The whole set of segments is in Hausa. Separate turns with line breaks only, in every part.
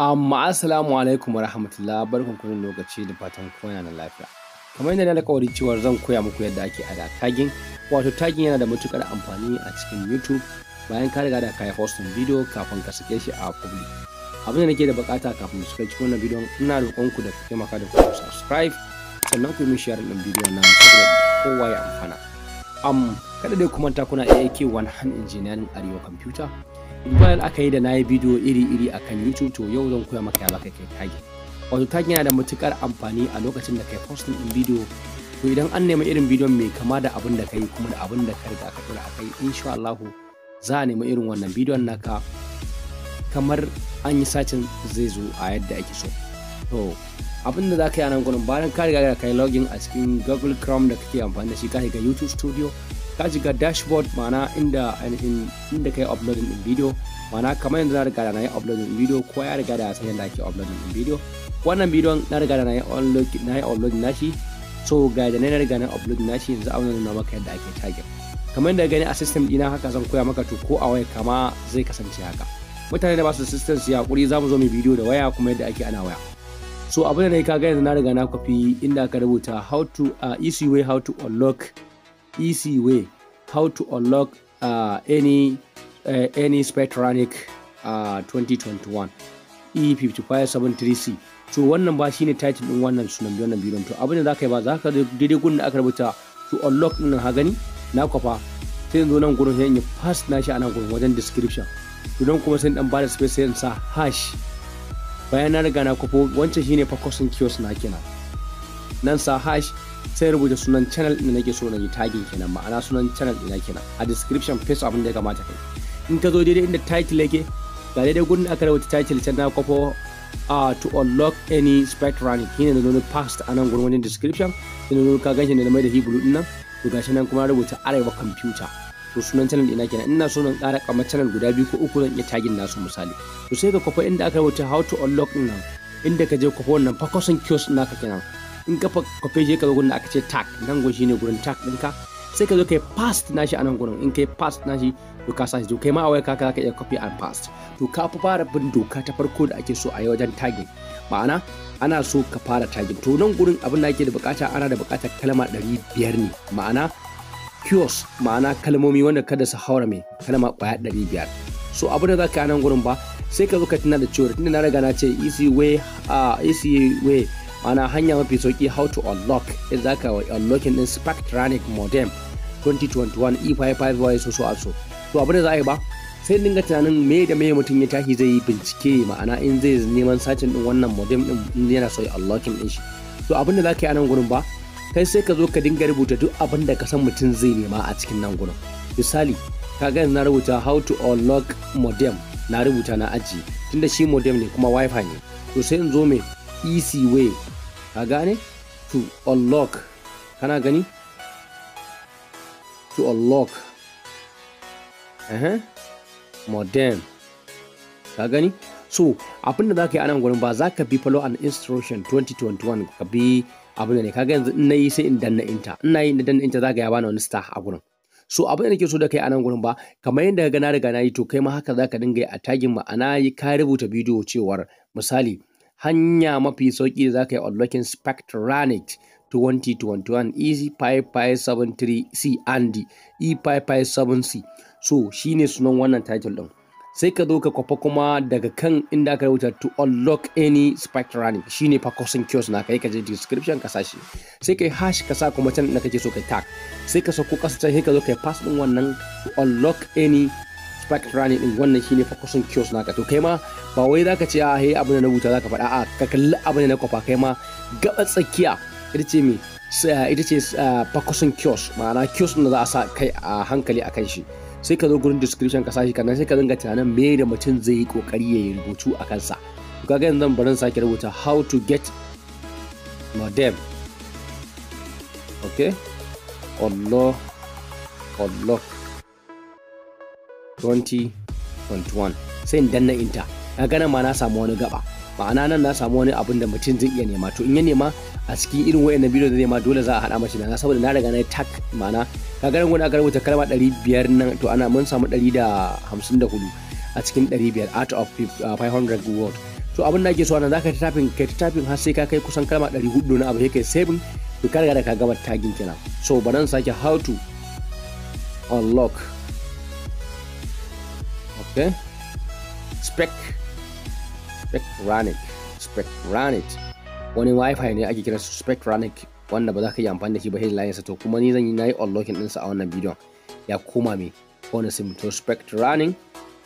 Amma assalamu alaikum wa warahmatullah barkan kunin lokaci da fatan kowa yana lafiya. Kamar yadda na kawari cewa zan koya muku yadda ake ada tagin. Wato tagin yana da matukar amfani a cikin YouTube bayan ka riga da ka yi video kafin ka sake shi a public. Abin da nake da bukata kafin su cikin wannan bidiyon ina roƙon ku da ku taimaka da ku subscribe sannan ku yi share din bidiyon na saboda kowa ya amfana. Am kada dai ku manta kuna ak 1 Hand Engineering Arewa Computer bayan aka yi da na yi bidiyo iri-iri a kan youtube to yau zan koya maka ya baka kai tagi. wato tagi yana da matukar amfani a lokacin da kai posting din bidiyo to idan an nemi irin bidiyon mai kama da abin da kai kuma da abin da ka riga aka tura akai insha Allah za a nemi irin wannan bidiyon naka kamar an yi sacin zai zo a yadda ake so to abin da za ka yi a nan gudun bayan ka riga ka yi login a cikin google chrome da kake amfani da shi ka ga youtube studio ka shiga dashboard ma'ana inda ainihin inda kai uploading din video ma'ana kamar yanzu na riga da na yi uploading din video ko ya riga da ya san yadda ake uploading din video wannan bidiyon na riga da na yi uploading nashi so ga da na riga na uploading nashi yanzu auna nuna maka yadda ake tagin kamar da gani a system dina haka zan koya maka to ko a waya kama zai kasance haka mutane da ba su system su yakuri za mu zo mu bidiyo da waya kuma yadda ake ana waya so abin da na yi kaga yanzu na riga na kwafi inda aka rubuta how to uh, easy way how to unlock easy way how to unlock uh, any uh, any Spectronic uh, 2021 E5573C to wannan ba shine title din wannan sunan biyu wannan bidiyon to abin da zaka yi ba zaka daidai gurin da aka rubuta to unlock din ha gani na kwafa sai zo nan gurin sai in yi pass na shi a nan gurin wajen description to don kuma sai dan da space sai sa hash bayan na riga na kwafo wancan shine fa kosin kiosk na kenan nan sa hash sai rubuta sunan channel da nake so na yi tagin kenan ma'ana sunan channel ina kenan a description face abin da ya kamata kai in ka zo daidai inda title yake ga daidai gudun aka rubuta title can na kwafo uh, to unlock any running kina da nuna past a nan gurin wajen description da nuna ka ganshi da mai da hebrew din nan to gashi nan kuma rubuta arewa computer to sunan channel ɗina kenan ina so nan ƙara kamar channel guda biyu ko uku zan iya tagin nasu misali to sai ka kofa inda aka rubuta how to unlock din nan inda ka je kwafa wannan fakosan kiosk naka kenan in kafa kwafe je ka zo gurin da aka ce tak. nan gun shine gurin tag ɗinka sai ka zo kai past nashi a nan gurin in kai past nashi to ka sashi to kai ma a waya kaka zaka iya copy and past to ka fi fara bin doka ta farko da ake so a yi wajen tagging ma'ana ana so ka fara tagging to nan gurin abin da ake da bukata ana da bukatar kalma biyar ne ma'ana kios ma'ana kalmomi wanda kada su haura mai kalma kwaya biyar. so abu da zaka yi nan gurin ba sai ka zo ka tuna da cewa tunda na riga na ce easy way ah, way ana hanya mafi sauki how to unlock in za ka unlocking din spectronic modem 2021 e55y so so also to abin da za a yi ba sai dinga tunanin me da me mutum ya tashi zai yi bincike ma'ana in zai neman sacin din wannan modem din yana so unlocking din shi to abin da za ka yi a nan gurin ba kai sai ka zo ka dinga rubuta duk abin da ka san mutum zai nema a cikin nan gurin misali ka ga na rubuta how to unlock modem na rubuta na aji tunda shi modem ne kuma wifi ne to sai in zo mai easy way ka gane to unlock kana gani to unlock modem ka gani so abin da za ka yi anan gurin ba za ka bi follow an instruction 2021 ka bi abin da ne kaga yanzu in nayi sai in danna inta in nayi in danna inta za ka ya bani wani star a gurin so abin da nake so da kai anan gurin ba kamar yadda ka na riga na yi to kai ma haka za ka dinga yi a tagin ma'ana ka rubuta bidiyo cewar misali hanya mafi sauki da za ka yi unlocking Spectranet 2021 e 573 c and E557C. So shine sunan wannan title ɗin. Sai ka zo ka kwafa kuma daga kan inda aka rubuta to unlock any Spectranet shi ne fa kiosk na kai ka je description ka sashi Sai ka yi hash ka sa kuma can da kake so ka tag. Sai ka sauko can sai ka zo ka yi pass ɗin wannan to unlock any Spark Rani din wannan shine focusin kiosk naka to kai ma ba wai zaka ce a hey abin da na rubuta zaka faɗa a ka kalli abin da na kwafa kai ma gaba tsakiya ita ce me ita ce kusan kiosk ma'ana kiosk da za a sa kai a hankali akan shi sai ka zo gurin description ka sashi kana sai ka zanga tunanin me da mutum zai yi kokari ya yi rubutu a kansa ga yanzu zan barin sake rubuta how to get modem okay Allah Allah 2021 sai in danna inta na gana ma na samu wani gaba ma'ana nan na samu wani abin da mutum zai iya nema to in ya nema a cikin irin wayan na biyu da nema dole za a haɗa mashi na saboda na riga na tak, ma'ana ka gani wani aka rubuta kalma 500 nan to ana mun samu 154 a cikin 500 out of 500 uh, word to abin da ke so ana za ka tafin kai ta tafin har sai ka kai kusan kalma 400 na abu sai kai saving to ka riga da ka gama tagin kenan so nan sake how to unlock Okay? Spec Spectranic Spectranic wani Wi-Fi ne ake kiransa Spectranic wanda ba za ka yi amfani da shi ba sai layin sa to kuma ni zan yi nayi unlocking din sa a wannan bidiyon ya koma me wani sim to Spectranic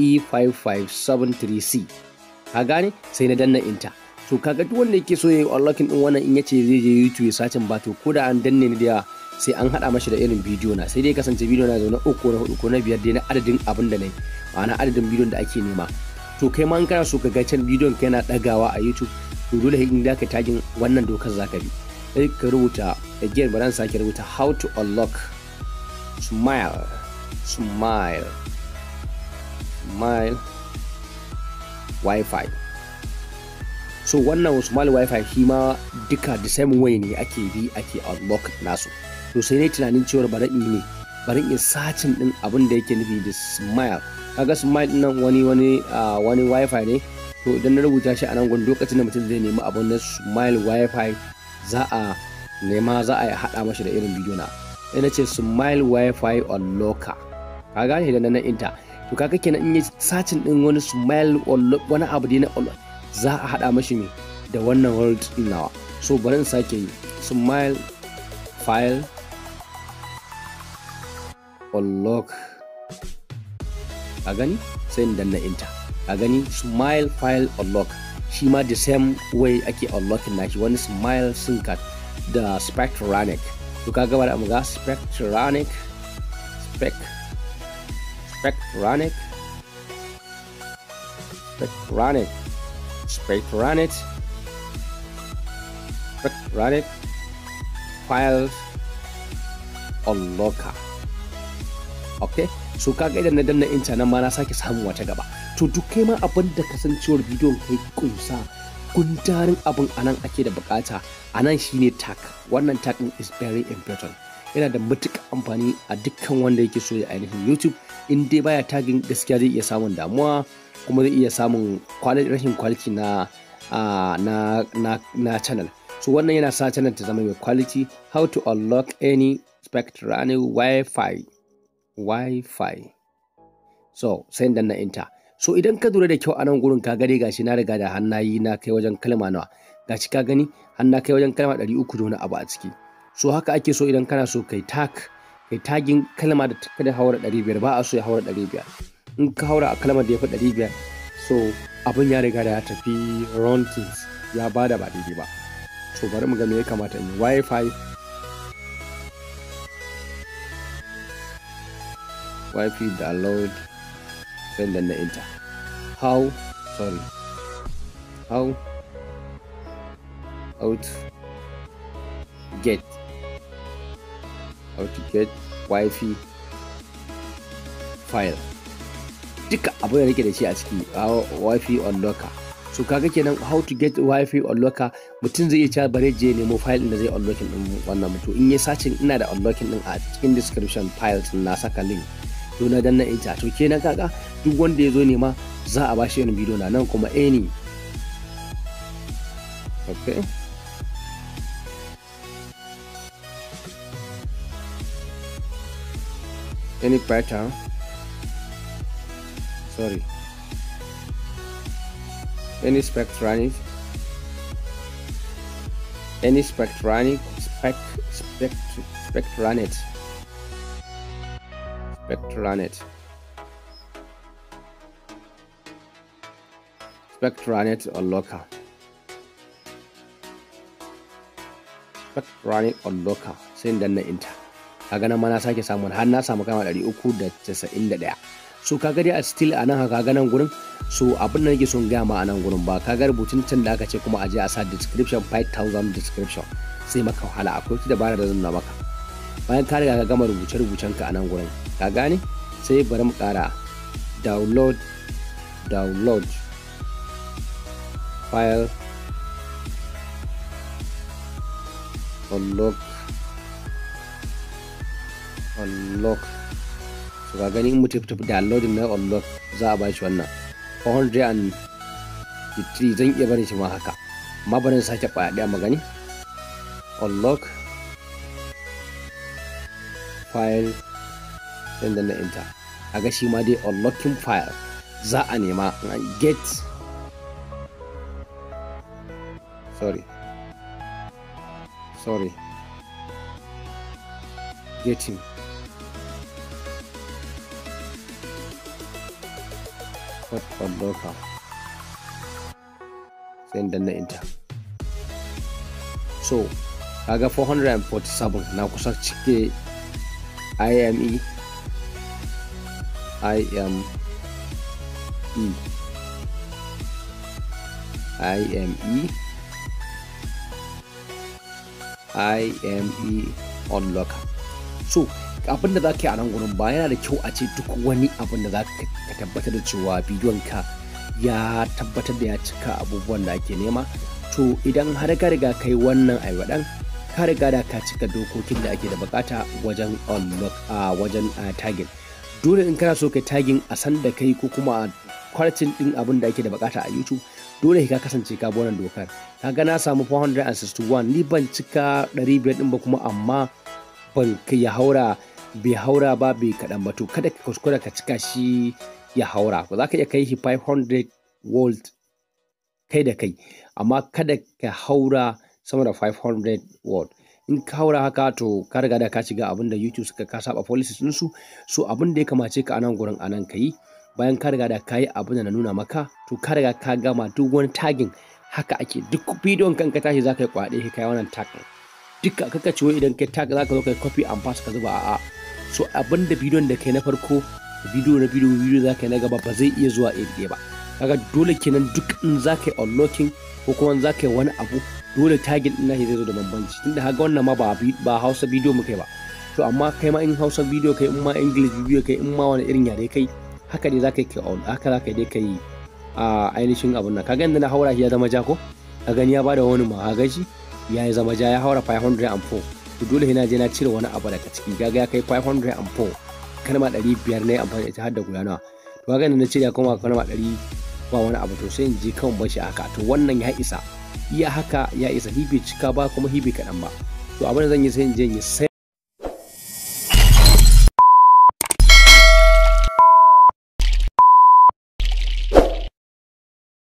e E5573C ka gane sai na danna inta. to kaga duk wanda yake so ya yi unlocking din wannan in ya ce zai je YouTube ya sacin ba to ko da an danne ni da sai an hada mashi da irin bidiyo na sai dai kasance bidiyo na zaune uku na hudu ko na biyar dai na adadin abin da nayi ma'ana adadin bidiyon da ake nema to kai ma in kana so ka ga can bidiyon ka yana dagawa a youtube to dole in da ka tagin wannan dokar zaka bi sai ka rubuta again bari sake rubuta how to unlock smile smile smile wi so wannan smile wi-fi shi ma duka the same way ne ake bi ake unlock nasu to sai ne tunanin cewar bari in ne bari in sacin din abin da yake nufi da smile kaga smile nan wani wani wani wifi ne to idan na rubuta shi a nan gun lokacin da mutum zai nemi abun na smile wifi za a nema za a haɗa mashi da irin bidiyo na ina ce smile wifi on loka ka gane da nan inta to kaga kenan in yi sacin din wani smile wani abu ne na za a haɗa mashi ne da wannan world din nawa so bari in sake yi smile file on loka agani gani sai in danna enter agani smile file unlock shi ma the same way ake na she wani smile sinkat the spectranic to ka gaba da mu spec Spectronic. Spectronic. Spectronic. spectranic files unlocker okay so ga idan na danna inta nan ma na sake samun wata gaba to duk kai ma abin da cewar bidiyon kai kunsa kuntarin abin anan ake da bukata anan shine tag wannan tag is very important yana da matuƙa amfani a dukkan wanda yake so ya ainihin youtube in dai baya tagin gaskiya zai iya samun damuwa kuma zai iya samun rashin kwaliti na na na na channel so wannan yana sa channel ta zama mai quality how to unlock any spectrum wi-fi Wi-Fi. So, sai dan na enter. So, idan ka lura da kyau a nan gurin ka gare gashi na riga da hannayi na kai wajen kalma nawa. Gashi ka gani Hanna kai wajen kalma 300 da wani abu a ciki. So, haka ake so idan kana so kai tag kai tagin kalma da ta da haura 500 ba a so ya haura 500. In ka haura a kalmar da ya fi 500 so abin ya riga da ya tafi rontins ya bada ba daidai ba. So, bari mu ga me ya kamata in Wi-Fi wipe download sai danna enter how sorry how to get how to get wifi file duka abin da nake da shi a ciki wifi on locker so kaga kenan how to get wifi on locker mutum zai iya bare je nemo file din da zai unlocking din wannan mutum in ya sacin ina da unlocking din a cikin description files na saka link zo na danna ita to kenan kaka duk wanda ya zo nema za a bashi irin bidiyo na nan kuma a eh ne okay any pattern sorry any spectronic any spectronic spec spect spectranet Spectranet. Spectranet or local. Spectranet or local sai in danna enter. Kaga nan ma na sake samun har na samu kama 391. So kaga dai a still a nan haka nan gurin so abin da nake son gaya ma a nan gurin ba kaga rubutun can da aka ce kuma a je a sa description 5000 description sai maka wahala akwai wata dabara da zan na maka. bayan ka riga ka gama rubuce-rubucen ka a nan gurin ka gane sai bari mu kara. download download file unlock unlock so ka gani in tafi downloading na unlock za a bashi wannan 403 zan iya barin shi ma haka ma barin sake kwaya daya magani unlock file sannan na enter a ga shi ma dai unlocking file za a nema get sorry sorry getting what unlocker sannan na enter so kaga 447 na kusa cike ime I E on e. e. e locker. so abin da zaka yi a nan gurin ba yana da kyau a ce duk wani abin da zaka tabbatar da cewa bidiyon ka ya tabbatar da ya cika abubuwan da ake nema to idan har ka riga kai wannan aiwadan ka riga da ka cika dokokin da ake da bukata wajen unlock a wajen tagin dole in kana so kai tagin a san da kai ko kuma a kwarcin din abin da ake da bukata a youtube dole ka kasance ka bi dokar kaga na samu 461 ni ban cika 500 din ba kuma amma ban ya haura bai haura ba bai kaɗan ba to kada ka kuskura ka cika shi ya haura ba za ka iya kai shi 500 volt kai da kai amma kada ka haura sama da 500 word in ka haura haka to ka da ka shiga abin da youtube suka ka saba policies din su so abin da ya kamace ka anan gurin anan ka bayan ka riga da ka yi abin da na nuna maka to ka riga ka gama duk wani tagging haka ake duk bidiyon ka tashi za ka yi kwaɗe ka yi wannan tag duka kaka ciwo idan kai tag za ka zo ka yi copy and paste ka zuba a'a so abin da bidiyon da kai na farko bidiyo na bidiyo bidiyo za yi na gaba ba zai iya zuwa a ba kaga dole kenan duk in za ka yi unlocking ko kuma za ka yi wani abu dole tagin din nashi zai zo da bambanci tunda haka wannan ma ba ba Hausa bidiyo mu yi ba to amma kai ma in Hausa bidiyo kai in ma English bidiyo kai in ma wani irin yare kai haka ne zaka kai haka zaka dai kai a ainihin abun nan kaga inda na haura shi ya zama ja ko a gani ya bada wani ma ga shi ya yi zama ja ya haura 504 to dole na je na cire wani abu daga ciki kaga ya kai 504 kalma 500 ne amfani da ita har da guda nawa to kaga na cire kuma kalma 100 ba wani abu to sai in je kan bashi haka to wannan ya isa iya haka ya isa hibe cika ba kuma hibe kaɗan ba to abin da zan yi sai in je in yi